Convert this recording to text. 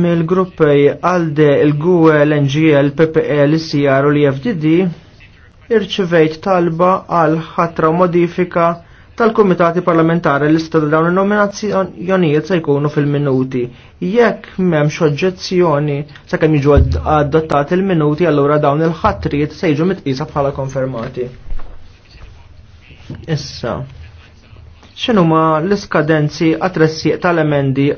mill-gruppej għalde il-GUE, l-NGL, PPE, l-CR u l-FDD irċivejt talba għal ħatra modifika tal-Komitati Parlamentari li stada dawn il-nominazzjonijiet se jkunu fil-minuti. Jekk m'hemmx oġġezzjoni sakemm jiġu adottati il-minuti allura dawn il-ħatrijiet se jiġu mitqisa bħala konfermati. Issa, x'inhuma l-iskadenzi għat tal-emendi